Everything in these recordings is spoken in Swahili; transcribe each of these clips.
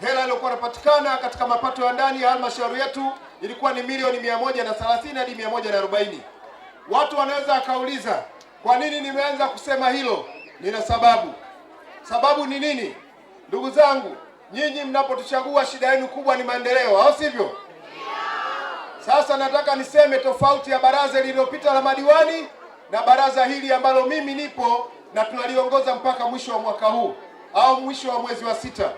Hela iliyokuwa inapatikana katika mapato ya ndani ya halmashauri yetu ilikuwa ni milioni 130 hadi 140. Watu wanaweza akauliza kwa nini nimeanza kusema hilo? Nina sababu. Sababu ni nini? Ndugu zangu, nyinyi mnapotuchagua shida yenu kubwa ni maendeleo, au sivyo? Sasa nataka niseme tofauti ya baraza lililopita la madiwani na baraza hili ambalo mimi nipo na tunaliongoza mpaka mwisho wa mwaka huu au mwisho wa mwezi wa sita.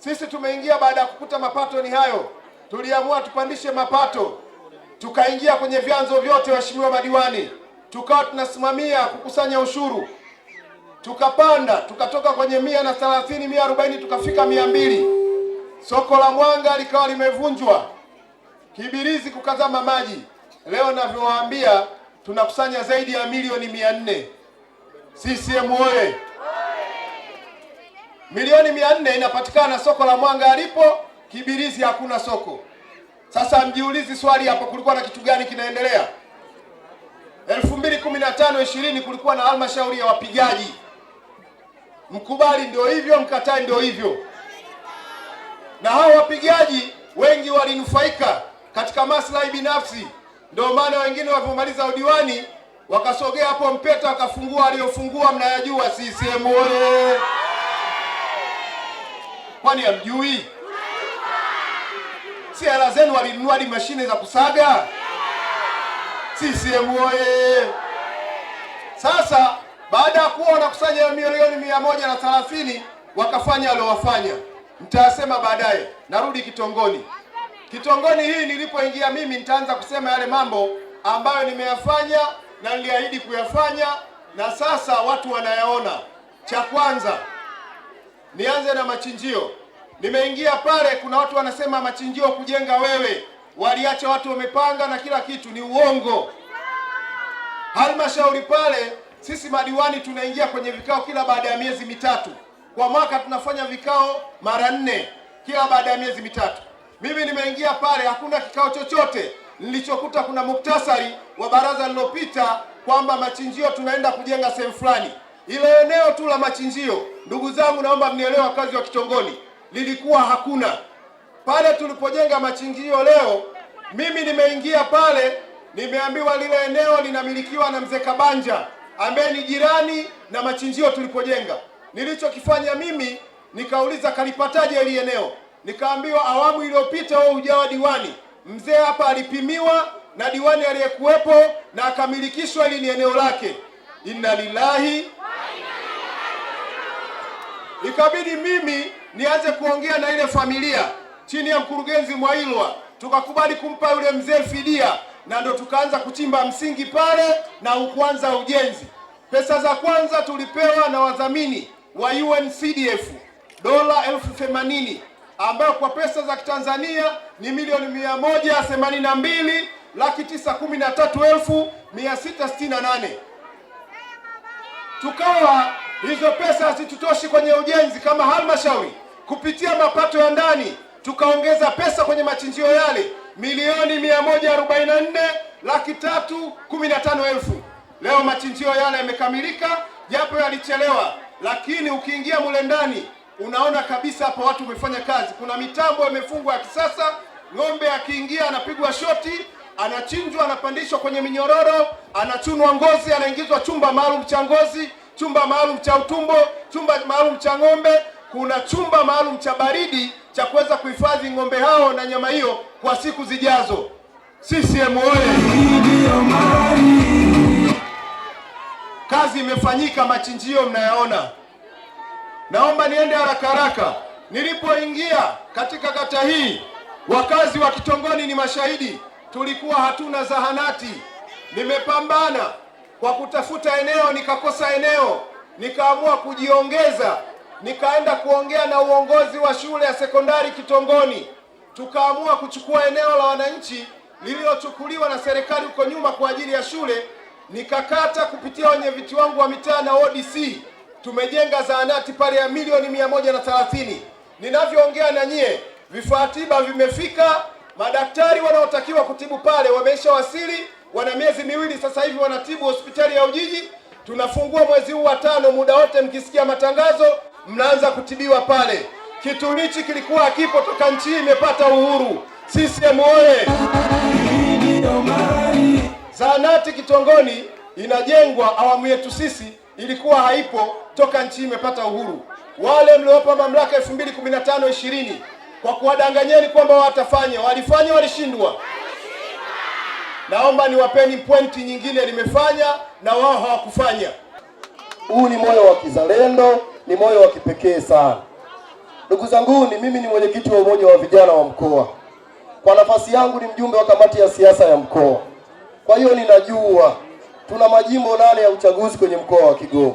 Sisi tumeingia baada ya kukuta mapato ni hayo, tuliamua tupandishe mapato, tukaingia kwenye vyanzo vyote, waheshimiwa madiwani, tukawa tunasimamia kukusanya ushuru, tukapanda, tukatoka kwenye mia na thelathini, mia arobaini, tukafika mia mbili. Soko la Mwanga likawa limevunjwa, Kibirizi kukazama maji. Leo navyowaambia tunakusanya zaidi ya milioni mia nne. CCM oye! Milioni mia nne inapatikana soko la Mwanga alipo Kibirizi, hakuna soko. Sasa mjiulizi swali hapo, kulikuwa na kitu gani kinaendelea? elfu mbili kumi na tano ishirini kulikuwa na halmashauri ya wapigaji, mkubali ndio hivyo, mkatai ndio hivyo, na hao wapigaji wengi walinufaika katika maslahi binafsi. Ndio maana wengine walivyomaliza udiwani wakasogea hapo Mpeta wakafungua, aliyofungua mnayajua, CCM oye! Kwani hamjui? Si hela zenu walinunua hadi mashine za kusaga. CCM oye! Sasa baada ya kuwa wanakusanya milioni mia moja na thelathini wakafanya waliowafanya mtayasema baadaye. Narudi Kitongoni. Kitongoni hii nilipoingia mimi, nitaanza kusema yale mambo ambayo nimeyafanya na niliahidi kuyafanya, na sasa watu wanayaona. Cha kwanza Nianze na machinjio. Nimeingia pale, kuna watu wanasema machinjio kujenga wewe, waliacha watu wamepanga na kila kitu, ni uongo. Halmashauri pale, sisi madiwani tunaingia kwenye vikao kila baada ya miezi mitatu, kwa mwaka tunafanya vikao mara nne, kila baada ya miezi mitatu. Mimi nimeingia pale, hakuna kikao chochote nilichokuta kuna muktasari wa baraza lilopita kwamba machinjio tunaenda kujenga sehemu fulani ilo eneo tu la machinjio, ndugu zangu, naomba mnielewe, wakazi wa Kitongoni, lilikuwa hakuna pale tulipojenga machinjio. Leo mimi nimeingia pale, nimeambiwa lile eneo linamilikiwa na mzee Kabanja ambaye ni jirani na machinjio tulipojenga. Nilichokifanya mimi nikauliza, kalipataje ile eneo? Nikaambiwa awamu iliyopita wewe hujawa diwani, mzee hapa alipimiwa na diwani aliyekuwepo na akamilikishwa, ili ni eneo lake. Inna lillahi ikabidi mimi nianze kuongea na ile familia chini ya mkurugenzi Mwailwa, tukakubali kumpa yule mzee fidia, na ndo tukaanza kuchimba msingi pale na ukuanza ujenzi. Pesa za kwanza tulipewa na wadhamini wa UNCDF dola elfu themanini ambayo kwa pesa za Kitanzania ni milioni mia moja themanini na mbili laki tisa kumi na tatu elfu mia sita sitini na nane tukawa hizo pesa hazitutoshi kwenye ujenzi, kama halmashauri kupitia mapato ya ndani tukaongeza pesa kwenye machinjio yale milioni mia moja arobaini na nne laki tatu kumi na tano elfu. Leo machinjio yale yamekamilika, japo yalichelewa, lakini ukiingia mule ndani unaona kabisa hapa watu wamefanya kazi. Kuna mitambo imefungwa ya kisasa, ng'ombe akiingia anapigwa shoti, anachinjwa, anapandishwa kwenye minyororo, anachunwa ngozi, anaingizwa chumba maalum cha ngozi chumba maalum cha utumbo, chumba maalum cha ng'ombe, kuna chumba maalum cha baridi cha kuweza kuhifadhi ng'ombe hao na nyama hiyo kwa siku zijazo. CCM oye! Kazi imefanyika, machinjio mnayaona. Naomba niende haraka haraka. Nilipoingia katika kata hii, wakazi wa Kitongoni ni mashahidi, tulikuwa hatuna zahanati. Nimepambana kwa kutafuta eneo, nikakosa eneo, nikaamua kujiongeza, nikaenda kuongea na uongozi wa shule ya sekondari Kitongoni, tukaamua kuchukua eneo la wananchi lililochukuliwa na serikali huko nyuma kwa ajili ya shule. Nikakata kupitia wenyeviti wangu wa mitaa na ODC, tumejenga zahanati pale ya milioni mia moja na thelathini. Ninavyoongea na nyie, vifaa tiba vimefika, madaktari wanaotakiwa kutibu pale wameisha wasili wana miezi miwili sasa hivi wanatibu hospitali ya Ujiji. Tunafungua mwezi huu wa tano, muda wote mkisikia matangazo mnaanza kutibiwa pale. Kitu hichi kilikuwa hakipo toka nchi hii imepata uhuru. CCM oye! Zahanati Kitongoni inajengwa awamu yetu sisi, ilikuwa haipo toka nchi imepata uhuru. Wale mliopa mamlaka 2015 20 kwa kuwadanganyeni kwamba watafanya, walifanya, walishindwa. Naomba niwapeni pointi nyingine limefanya na wao hawakufanya. Huu ni moyo wa kizalendo, ni moyo wa kipekee sana. Ndugu zangu, ni mimi ni mwenyekiti wa umoja wa vijana wa mkoa, kwa nafasi yangu ni mjumbe wa kamati ya siasa ya mkoa. Kwa hiyo ninajua tuna majimbo nane ya uchaguzi kwenye mkoa wa Kigoma,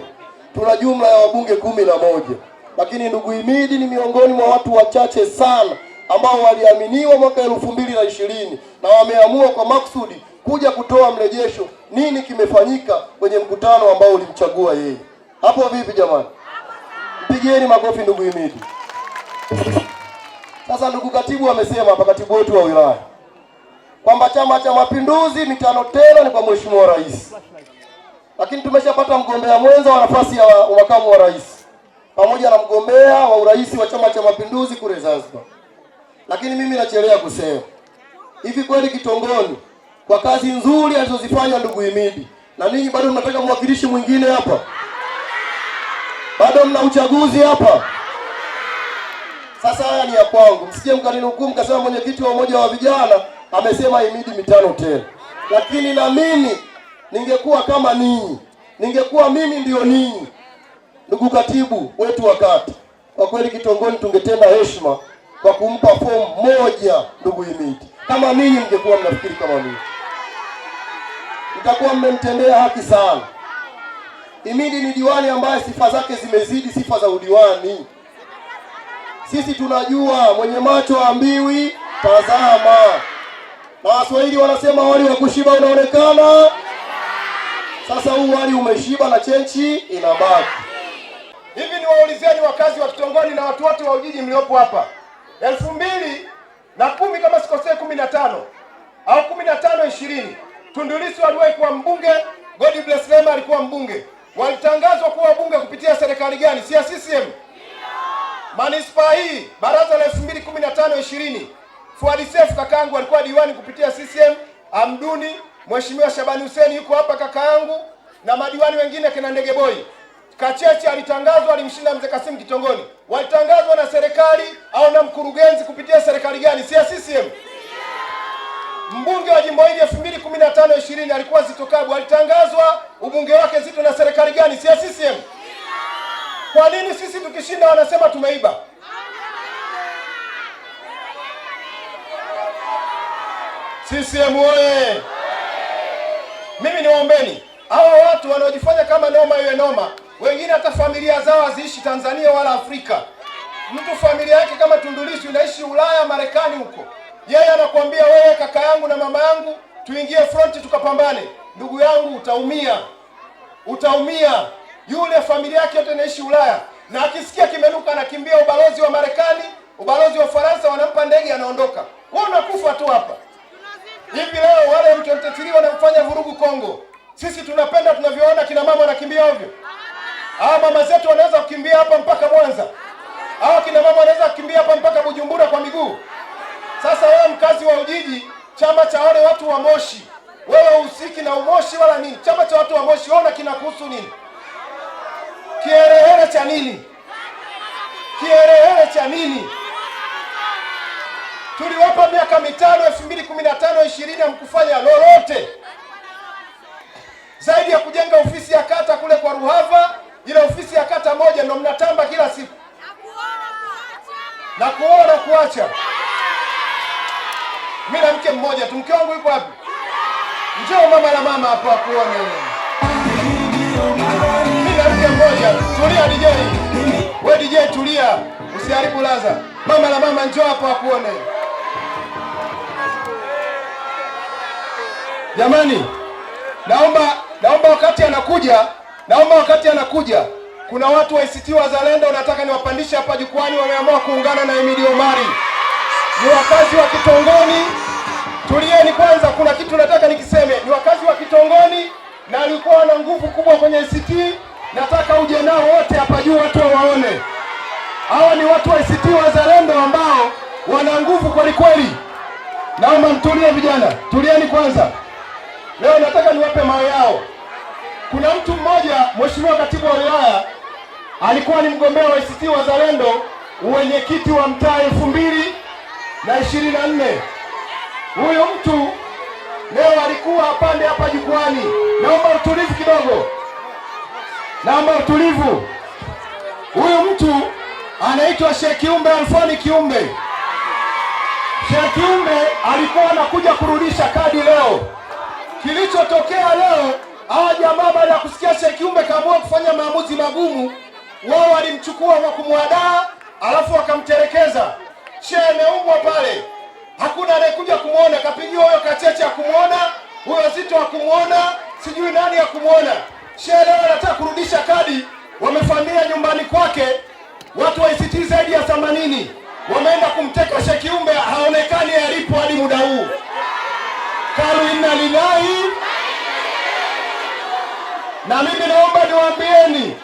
tuna jumla ya wabunge kumi na moja, lakini ndugu Himidi ni miongoni mwa watu wachache sana ambao waliaminiwa mwaka elfu mbili na ishirini na wameamua kwa maksudi kuja kutoa mrejesho, nini kimefanyika kwenye mkutano ambao ulimchagua yeye. Hapo vipi jamani? Mpigieni makofi ndugu Himidi. Sasa ndugu katibu amesema hapa, katibu wetu wa wilaya kwamba Chama cha Mapinduzi mitano tena ni kwa mheshimiwa rais, lakini tumeshapata mgombea mwenza wa nafasi ya makamu wa rais pamoja na mgombea wa urais wa Chama cha Mapinduzi kule Zanzibar. Lakini mimi nachelea kusema hivi, kweli Kitongoni kwa kazi nzuri alizozifanya ndugu Himidi, na ninyi bado mnataka mwakilishi mwingine hapa? Bado mna uchaguzi hapa? Sasa haya ni ya kwangu, msije mkaninukuu mkasema mwenyekiti wa umoja wa vijana amesema Himidi mitano tena. Lakini na mimi ningekuwa kama ninyi, ningekuwa mimi ndiyo ninyi, ndugu katibu wetu wa kata, kwa kweli Kitongoni tungetenda heshima kwa kumpa fomu moja ndugu Himidi. Kama ninyi mngekuwa mnafikiri kama mimi, mtakuwa mmemtendea haki sana. Himidi ni diwani ambaye sifa zake zimezidi sifa za udiwani. Sisi tunajua mwenye macho ambiwi tazama, na Waswahili wanasema wali wa kushiba unaonekana. Sasa huu wali umeshiba na chenchi inabaki. Hivi ni waulizeni wakazi wa kitongoni na watu wote wa Ujiji mliopo hapa elfu mbili na kumi kama sikosee, kumi na tano au kumi na tano ishirini Tundu Lissu aliwahi kuwa mbunge, bless Lema alikuwa mbunge. Walitangazwa kuwa wabunge kupitia serikali gani? Si ya CCM. Manispaa hii baraza la elfu mbili kumi na tano ishirini Fuadi Sefu yangu alikuwa diwani kupitia CCM Amduni, Mheshimiwa Shabani Huseni yuko hapa yangu na madiwani wengine kina Ndege Boy. Kacheche alitangazwa, alimshinda mzee Kasim Kitongoni. Walitangazwa na serikali au na mkurugenzi kupitia serikali gani? Si ya CCM. Mbunge wa jimbo hili 2015 20 alikuwa Zitto Kabwe, alitangazwa ubunge wake Zitto na serikali gani? Si ya CCM. Kwa nini sisi tukishinda wanasema tumeiba? CCM oye! Mimi niwaombeni hawa watu wanaojifanya kama noma iwe noma wengine hata familia zao haziishi Tanzania wala Afrika. Mtu familia yake kama Tundu Lissu inaishi Ulaya, Marekani huko, yeye anakuambia wewe, kaka yangu na mama yangu, tuingie fronti tukapambane. Ndugu yangu, utaumia, utaumia. Yule familia yake yote inaishi Ulaya, na akisikia kimenuka anakimbia ubalozi wa Marekani, ubalozi wa Faransa, wanampa ndege, anaondoka. Wewe unakufa tu hapa. Hivi leo wale M23 wanamfanya vurugu Kongo, sisi tunapenda tunavyoona kina mama wanakimbia ovyo. Hawa mama zetu wanaweza kukimbia hapa mpaka Mwanza. Hawa kina mama wanaweza kukimbia hapa mpaka Bujumbura kwa miguu. Sasa wewe mkazi wa Ujiji, chama cha wale watu wa Moshi, wewe usiki na umoshi wala nini? Chama cha watu wa Moshi ona kinakuhusu nini? Kiherehere cha nini? Kiherehere cha nini? Tuliwapa miaka mitano, elfu mbili kumi na tano ishirini, hamkufanya lolote zaidi ya kujenga ofisi ya kata kule kwa Ruhava ile ofisi ya kata moja ndo mnatamba kila siku na kuona kuacha. Mimi na mke mmoja tu, mke wangu yuko wapi? Njoo mama na mama hapo akuone. Mimi na mke mmoja. Tulia DJ, we DJ tulia, usiharibu laza. Mama na mama njoo hapo akuone. Jamani, naomba naomba wakati anakuja Naomba wakati anakuja, kuna watu wa ACT Wazalendo wanataka niwapandishe hapa jukwani, wameamua kuungana na Emili Omari, ni wakazi wa Kitongoni. Tulieni kwanza, kuna kitu nataka nikiseme. Ni wakazi wa Kitongoni na alikuwa na nguvu kubwa kwenye ACT. Nataka uje nao wote hapa juu, watu wawaone. Hawa ni watu wa ACT Wazalendo ambao wana nguvu kweli kweli. Naomba mtulie, vijana, tulieni kwanza. Leo nataka niwape mawe yao. Kuna mtu mmoja, mheshimiwa katibu wa wilaya, alikuwa ni mgombea wa ACT Wazalendo uwenyekiti wa mtaa elfu mbili na ishirini na nne. Huyo mtu leo alikuwa apande hapa jukwani. Naomba utulivu kidogo, naomba utulivu. Huyu mtu anaitwa Sheikh Kiumbe Alfani Kiumbe. Sheikh Kiumbe alikuwa anakuja kurudisha kadi leo. Kilichotokea leo aja jamaa ya kusikia Sheikh Kiumbe kaamua kufanya maamuzi magumu, wao walimchukua kwa kumwadaa, alafu wakamterekeza. Sheikh ameumwa pale, hakuna anayekuja kumwona, kapigiwa huyo Kacheche akumuona, huyo Zito akumuona, sijui nani ya kumwona Sheikh leo anataka kurudisha kadi, wamefamia nyumbani kwake watu wa ICT e zaidi ya 80 wameenda kumteka Sheikh Kiumbe, haonekani alipo hadi muda huu. Kalu inna lillahi na mimi naomba niwaambieni,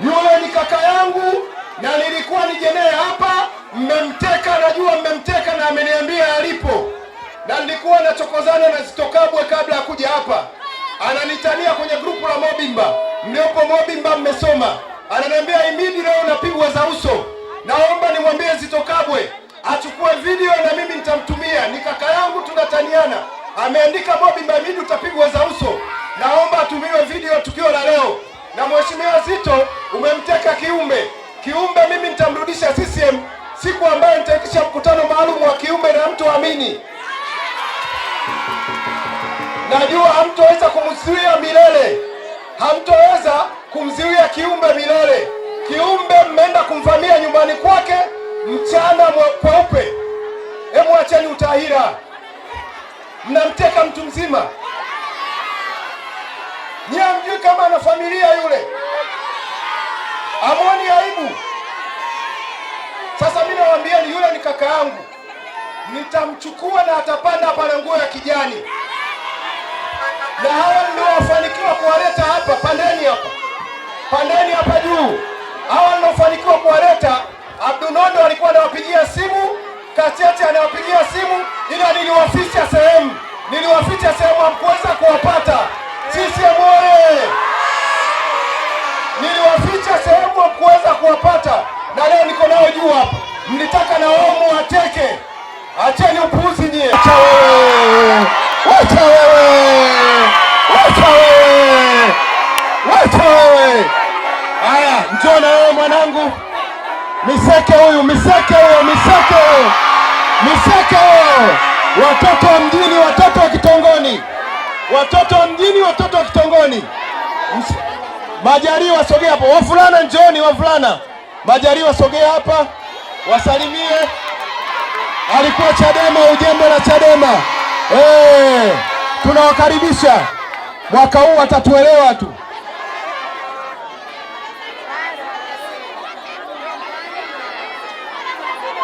yule ni kaka yangu na nilikuwa ni jenee hapa, mmemteka, najua mmemteka, na ameniambia alipo, na nilikuwa nachokozana na Zitto Kabwe kabla ya kuja hapa, ananitania kwenye grupu la Mobimba. Mliopo Mobimba mmesoma, ananiambia Imidi, leo napigwa za uso. Naomba nimwambie Zitto Kabwe achukue video na mimi nitamtumia, ni kaka yangu, tunataniana. Ameandika Mobimba, Imidi utapigwa za uso naomba tumiwe video tukio la leo. Na mheshimiwa Zito umemteka kiumbe, kiumbe mimi nitamrudisha CCM siku ambayo nitaitisha mkutano maalum wa kiumbe na mtu amini. Najua hamtoweza kumzuia milele, hamtoweza kumzuia kiumbe milele. Kiumbe mmeenda kumvamia nyumbani kwake mchana kweupe. Hebu acheni utahira, mnamteka mtu mzima. Nyie hamjui kama ana familia yule, amoni aibu? Sasa mimi ni yule ni kaka yangu, nitamchukua na atapanda hapa na nguo ya kijani, na hawa niliowafanikiwa kuwaleta hapa, pandeni hapa, pandeni hapa juu. Hawa niliofanikiwa kuwaleta, Abdunondo alikuwa anawapigia simu, Katiati anawapigia simu, ila niliwaficha sehemu, niliwaficha sehemu, hamkuweza kuwapata. CCM oye! Niliwaficha sehemu kuweza kuwapata na leo niko nao juu hapa. Mlitaka na wao wateke acheni upuuzi nyie. Acha wewe, acha wewe, acha wewe, acha wewe. Haya, njoo na wewe mwanangu, miseke huyu, miseke huyo, miseke huyo, miseke huyo, watoto wa mjini, watoto wa kitongoni watoto wa kitongoni. Majaliwa, sogea hapo. Wavulana njoni, wavulana. Majaliwa, sogea hapa, wasalimie. Alikuwa Chadema, ujembe la Chadema. Hey, tunawakaribisha mwaka huu, watatuelewa tu.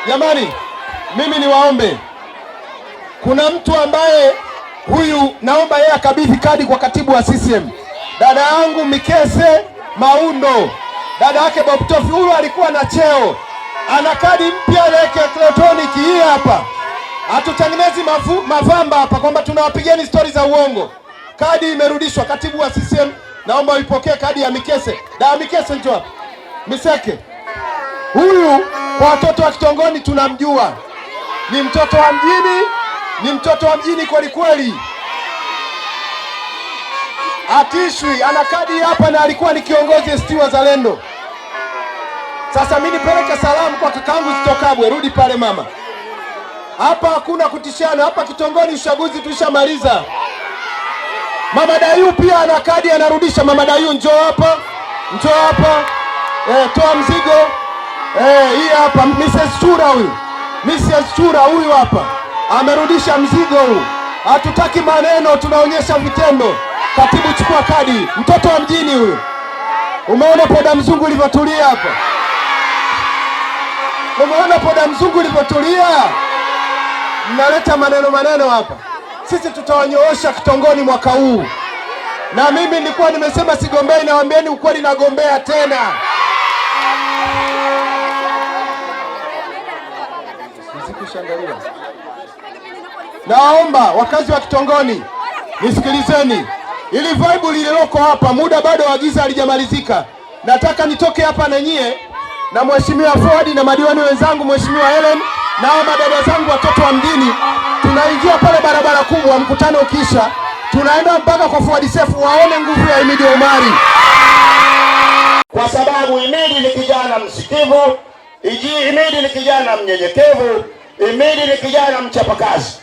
Jamani, mimi niwaombe, kuna mtu ambaye huyu, naomba yeye akabidhi kadi kwa katibu wa CCM dada yangu Mikese Maundo, dada yake Bob Tofi. Huyu alikuwa na cheo, ana kadi mpya elektroniki hii hapa. Hatutengenezi mavamba hapa kwamba tunawapigeni stori za uongo. Kadi imerudishwa. Katibu wa CCM, naomba uipokee kadi ya Mikese. Da, Mikese njoo hapa. Miseke huyu, kwa watoto wa kitongoni tunamjua, ni mtoto wa mjini ni mtoto wa mjini kweli kweli, atishwi, ana kadi hapa na alikuwa ni kiongozi ACT Wazalendo. Sasa mimi nipeleke salamu kwa kakaangu Zitto rudi pale mama. Hapa hakuna kutishana, hapa Kitongoni uchaguzi tulishamaliza. Mama Dayu pia ana kadi, anarudisha. Mama Dayu njoo hapa, njoo hapa eh, toa mzigo eh, hii hapa Mrs. Chura huyu, Mrs. Chura huyu hapa amerudisha mzigo huu. Hatutaki maneno, tunaonyesha vitendo. Katibu, chukua kadi. Mtoto wa mjini huyu, umeona poda mzungu ulivyotulia hapa? Umeona poda mzungu ulivyotulia? Mnaleta maneno maneno hapa. Sisi tutawanyoosha kitongoni mwaka huu, na mimi nilikuwa nimesema sigombei. Nawaambieni ukweli, nagombea tena. Msikushangilia. Naomba wakazi wa Kitongoni nisikilizeni, ili vibe lililoko hapa, muda bado wa giza halijamalizika. Nataka nitoke hapa na nyie na mheshimiwa Ford na madiwani wenzangu, mheshimiwa Helen na hawa madada zangu watoto wa mjini, tunaingia pale barabara kubwa, mkutano ukisha, tunaenda mpaka kwa Fuadi Sefu waone nguvu ya Himidi Omari, kwa sababu Himidi ni kijana msikivu, Himidi ni kijana mnyenyekevu, Himidi ni kijana mchapakazi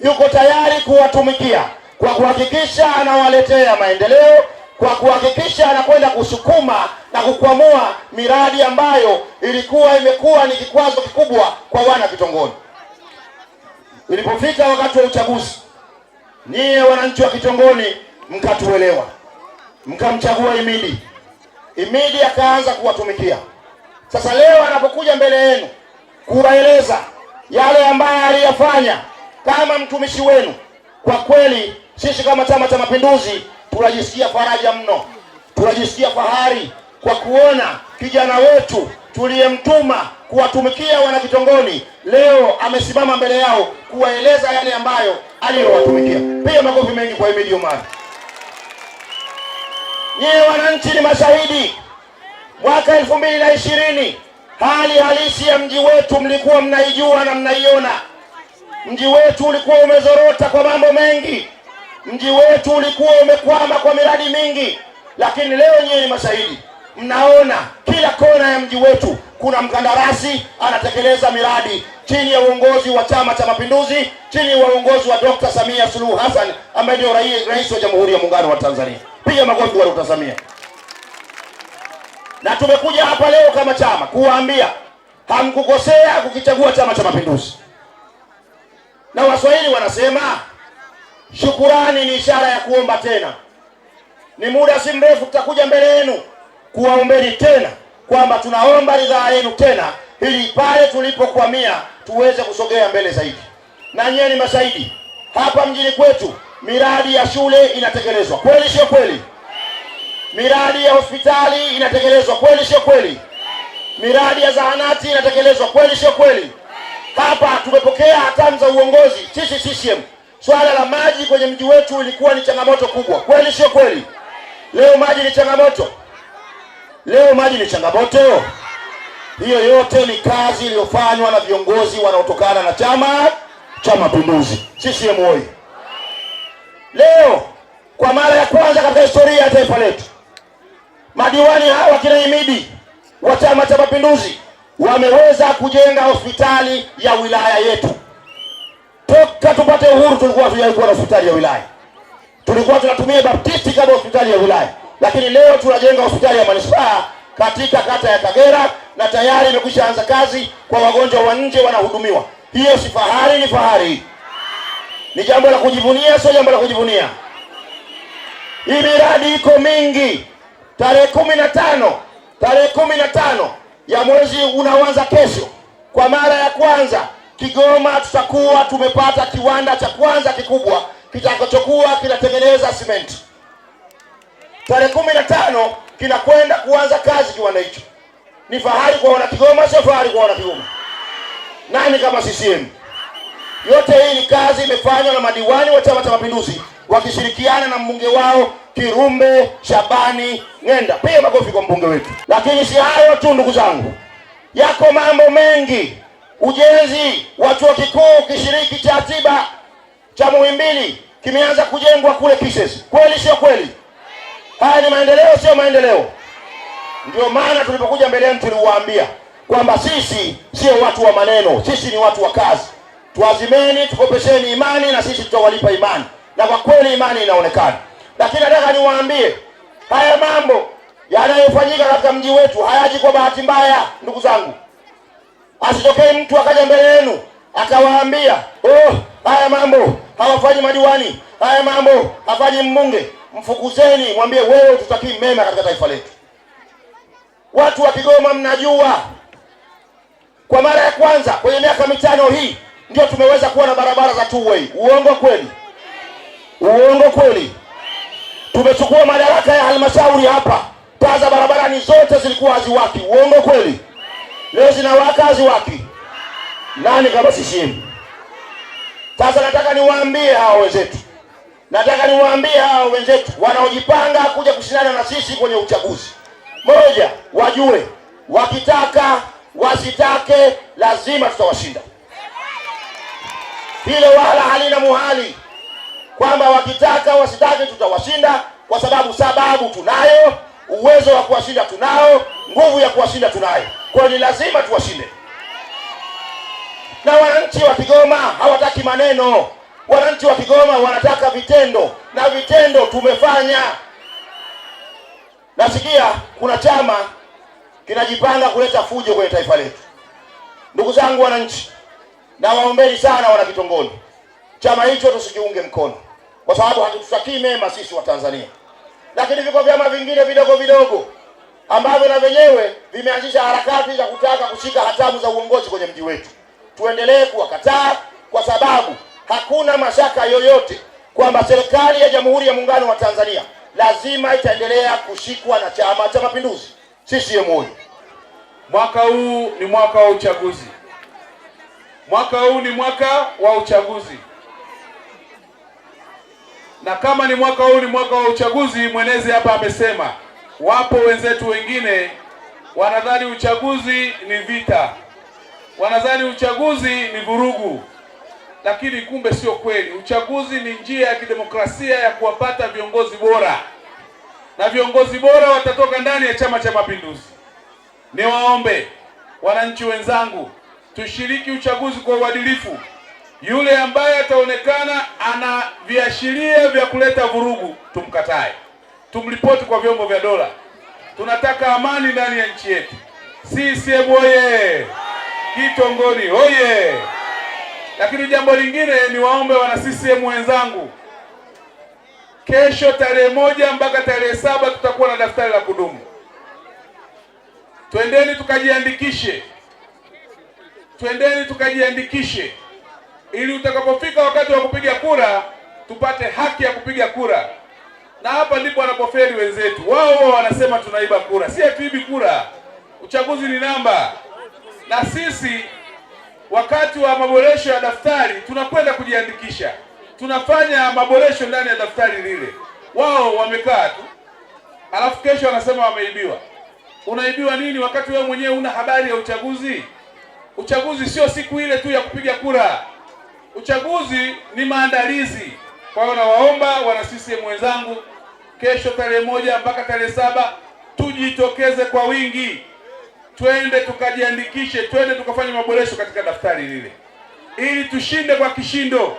yuko tayari kuwatumikia kwa kuhakikisha anawaletea maendeleo, kwa kuhakikisha anakwenda kusukuma na kukwamua miradi ambayo ilikuwa imekuwa ni kikwazo kikubwa kwa wana kitongoni Ilipofika wakati wa uchaguzi, nyie wananchi wa Kitongoni mkatuelewa, mkamchagua Imidi. Imidi akaanza kuwatumikia. Sasa leo anapokuja mbele yenu kuwaeleza yale ambayo aliyafanya kama mtumishi wenu. Kwa kweli sisi kama Chama cha Mapinduzi tunajisikia faraja mno, tunajisikia fahari kwa kuona kijana wetu tuliyemtuma kuwatumikia wanakitongoni leo amesimama mbele yao kuwaeleza yale ambayo aliyowatumikia. Pia makofi mengi kwa Himidi Omar. Nyewe wananchi ni mashahidi, mwaka elfu mbili na ishirini hali halisi ya mji wetu mlikuwa mnaijua na mnaiona. Mji wetu ulikuwa umezorota kwa mambo mengi, mji wetu ulikuwa umekwama kwa miradi mingi, lakini leo nyiwe ni mashahidi, mnaona kila kona ya mji wetu kuna mkandarasi anatekeleza miradi chini ya uongozi wa Chama cha Mapinduzi, chini ya uongozi wa Dr. Samia Suluhu Hassan ambaye ndio rais wa Jamhuri ya Muungano wa Tanzania. Piga makofi kwa Dr. Samia. Na tumekuja hapa leo kama chama kuwaambia hamkukosea kukichagua Chama cha Mapinduzi na Waswahili wanasema shukurani ni ishara ya kuomba tena. Ni muda si mrefu tutakuja mbele yenu kuwaombeni tena kwamba tunaomba ridhaa yenu tena, ili pale tulipokwamia tuweze kusogea mbele zaidi. Na nyewe ni mashahidi hapa mjini kwetu, miradi ya shule inatekelezwa kweli, sio kweli? Miradi ya hospitali inatekelezwa kweli, sio kweli? Miradi ya zahanati inatekelezwa kweli, sio kweli? Hapa tumepokea hatamu za uongozi. Sisi CCM, swala la maji kwenye mji wetu ilikuwa ni changamoto kubwa, kweli sio kweli? Leo maji ni changamoto? Leo maji ni changamoto? Hiyo yote ni kazi iliyofanywa na viongozi wanaotokana na Chama cha Mapinduzi, CCM Oi, Leo kwa mara ya kwanza katika historia ya taifa letu madiwani hawa kina Himidi wa Chama cha Mapinduzi wameweza kujenga hospitali ya wilaya yetu. Toka tupate uhuru tulikuwa tujaikuwa na hospitali ya wilaya, tulikuwa tunatumia Baptisti kama hospitali ya wilaya, lakini leo tunajenga hospitali ya manispaa katika kata ya Kagera na tayari imekwisha anza kazi kwa wagonjwa wa nje wanahudumiwa. Hiyo si fahari? Ni fahari, ni jambo la kujivunia, sio jambo la kujivunia. Hii miradi iko mingi. Tarehe kumi na tano tarehe kumi na tano ya mwezi unaanza kesho, kwa mara ya kwanza Kigoma tutakuwa tumepata kiwanda cha kwanza kikubwa kitakachokuwa kinatengeneza simenti. Tarehe kumi na tano kinakwenda kuanza kazi kiwanda hicho. Ni fahari kwa wana Kigoma, sio fahari kwa wana Kigoma? Nani kama CCM? Yote hii ni kazi imefanywa na madiwani wa Chama cha Mapinduzi wakishirikiana na mbunge wao Kirumbe Shabani Ng'enda. Pia makofi kwa mbunge wetu. Lakini si hayo tu, ndugu zangu, yako mambo mengi. Ujenzi wa chuo kikuu kishiriki cha tiba cha Muhimbili kimeanza kujengwa kule Kisesi. Kweli sio kweli? Haya ni maendeleo, sio maendeleo? Ndio maana tulipokuja mbele yenu tuliwaambia kwamba sisi sio watu wa maneno, sisi ni watu wa kazi. Tuazimeni, tukopesheni imani na sisi tutawalipa imani na kwa kweli imani inaonekana. Lakini nataka niwaambie haya mambo yanayofanyika katika mji wetu hayaji kwa bahati mbaya, ndugu zangu. Asitokee mtu akaja mbele yenu akawaambia oh, haya mambo hawafanyi madiwani, haya mambo hafanyi mbunge. Mfukuzeni, mwambie wewe tutakii mema katika taifa letu. Watu wa Kigoma, mnajua kwa mara ya kwanza kwenye miaka mitano hii ndio tumeweza kuwa na barabara za two way. Uongo kweli? Uongo kweli? Tumechukua madaraka ya halmashauri hapa, taa za barabarani zote zilikuwa haziwaki. Uongo kweli? Leo zinawaka, haziwaki. Nani kama sishimu? Sasa nataka niwaambie hawa wenzetu, nataka niwaambie hawa wenzetu wanaojipanga kuja kushindana na sisi kwenye uchaguzi, moja, wajue wakitaka wasitake, lazima tutawashinda. Hilo wala halina muhali kwamba wakitaka wasitake tutawashinda, kwa sababu sababu tunayo, uwezo wa kuwashinda tunao, nguvu ya kuwashinda tunayo. Kwa hiyo ni lazima tuwashinde, na wananchi wa Kigoma hawataki maneno, wananchi wa Kigoma wanataka vitendo, na vitendo tumefanya. Nasikia kuna chama kinajipanga kuleta fujo kwenye taifa letu. Ndugu zangu wananchi, nawaombeni sana wana Kitongoni, chama hicho tusijiunge mkono kwa sababu hatututakii mema sisi wa Tanzania. Lakini viko vyama vingine vidogo vidogo ambavyo na vyenyewe vimeanzisha harakati za kutaka kushika hatamu za uongozi kwenye mji wetu. Tuendelee kuwakataa kwa sababu hakuna mashaka yoyote kwamba serikali ya Jamhuri ya Muungano wa Tanzania lazima itaendelea kushikwa na Chama cha Mapinduzi, CCM oyee! Mwaka huu ni mwaka wa uchaguzi, mwaka huu ni mwaka wa uchaguzi na kama ni mwaka huu ni mwaka wa uchaguzi, mwenezi hapa amesema, wapo wenzetu wengine wanadhani uchaguzi ni vita, wanadhani uchaguzi ni vurugu, lakini kumbe sio kweli. Uchaguzi ni njia ya kidemokrasia ya kuwapata viongozi bora, na viongozi bora watatoka ndani ya Chama cha Mapinduzi. Niwaombe wananchi wenzangu, tushiriki uchaguzi kwa uadilifu. Yule ambaye ataonekana ana viashiria vya kuleta vurugu, tumkatae, tumripoti kwa vyombo vya dola. Tunataka amani ndani ya nchi yetu. CCM oye! Kitongoni oye! Lakini jambo lingine ni waombe wana CCM wenzangu, kesho tarehe moja mpaka tarehe saba tutakuwa na daftari la kudumu. Twendeni tukajiandikishe, twendeni tukajiandikishe ili utakapofika wakati wa kupiga kura tupate haki ya kupiga kura. Na hapa ndipo wanapoferi wenzetu. Wao wao wanasema tunaiba kura. Si hatuibi kura, uchaguzi ni namba. Na sisi wakati wa maboresho ya daftari tunakwenda kujiandikisha, tunafanya maboresho ndani ya daftari lile. Wao wamekaa tu, alafu kesho wanasema wameibiwa. Unaibiwa nini wakati wewe mwenyewe una habari ya uchaguzi? Uchaguzi sio siku ile tu ya kupiga kura. Uchaguzi ni maandalizi. Kwa hiyo nawaomba wana CCM wenzangu, kesho tarehe moja mpaka tarehe saba tujitokeze kwa wingi, twende tukajiandikishe, twende tukafanya maboresho katika daftari lile ili tushinde kwa kishindo.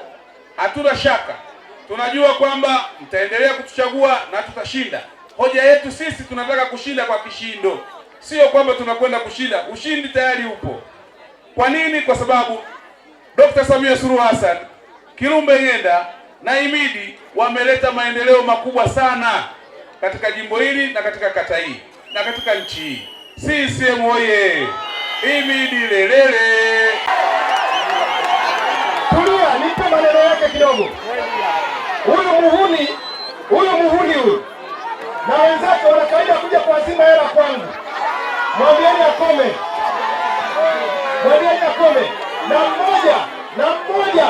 Hatuna shaka, tunajua kwamba mtaendelea kutuchagua na tutashinda. Hoja yetu sisi tunataka kushinda kwa kishindo, sio kwamba tunakwenda kushinda. Ushindi tayari upo. Kwa nini? Kwa sababu Dr. Samia Suluhu Hassan, Kilumbe Ng'enda na Imidi wameleta maendeleo makubwa sana katika jimbo hili na katika kata hii na katika nchi hii. CCM oye! Imidi lelele! Tulia, nipe maneno yake kidogo. Huyu muhuni huyu muhuni huyu na wenzake wanakaida kuja kuazima hela kwangu. Mwambieni akome, mwambieni akome na mmoja na mmoja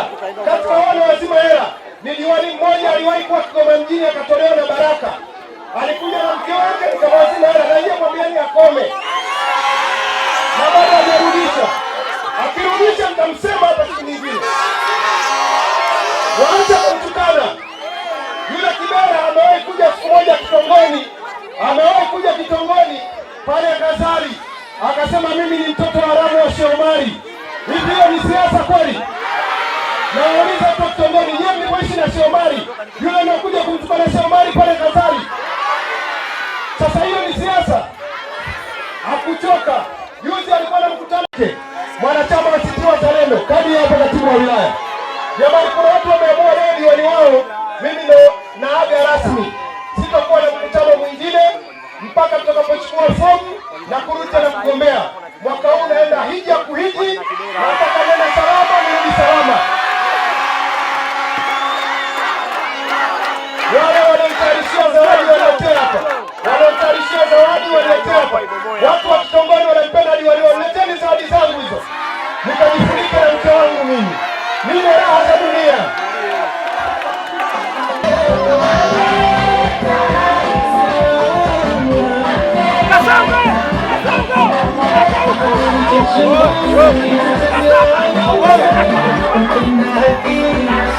katika wale wazima hela ni diwani mmoja aliwahi kuwa Kigoma mjini akatolewa na Baraka, alikuja na mke wake wazima hela na mwambiani akome, na bado amerudisha. Akirudisha mtamsema hapa siku nyingine, waanza kumtukana yule. Kibera amewahi kuja siku moja kitongoni, amewahi kuja kitongoni pale Kazari akasema mimi ni mtoto haramu wa shomari hiyo ni siasa kweli? Nauliza Dkt. Ndeni, yeye mlipoishi na Shomari yule anakuja na Shomari pale Kazali. Sasa hiyo ni siasa? Hakuchoka. Juzi alikuwa na mkutano wake mwanachama wa ACT Wazalendo kadi hapa, katibu wa wilaya. Jamani, kuna watu wameamua leo diwani wao, mimi ndo naaga rasmi, sitakuwa na mkutano mwingine mpaka tutakapochukua fomu na kurudi na kugombea mwaka huu naenda hija kuhiji, na hata salama nirudi salama. Wale wanaotarishia zawadi wanaletee hapa, wanaotarishia zawadi wanaletee hapa. Watu wa kitongoni wanapenda ni waliwaleteni zawadi zangu hizo, nikajifunika na mke wangu mimi, nile raha za dunia. Thank you.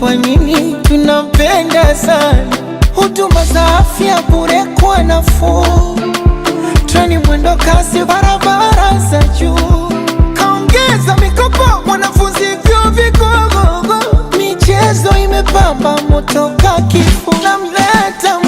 Kwa nini tunampenda sana? Huduma za afya bure kwa nafuu, treni mwendo kasi, barabara za juu, kaongeza mikopo, wanafunzi vyuo vikuu, michezo imepamba moto ka namleta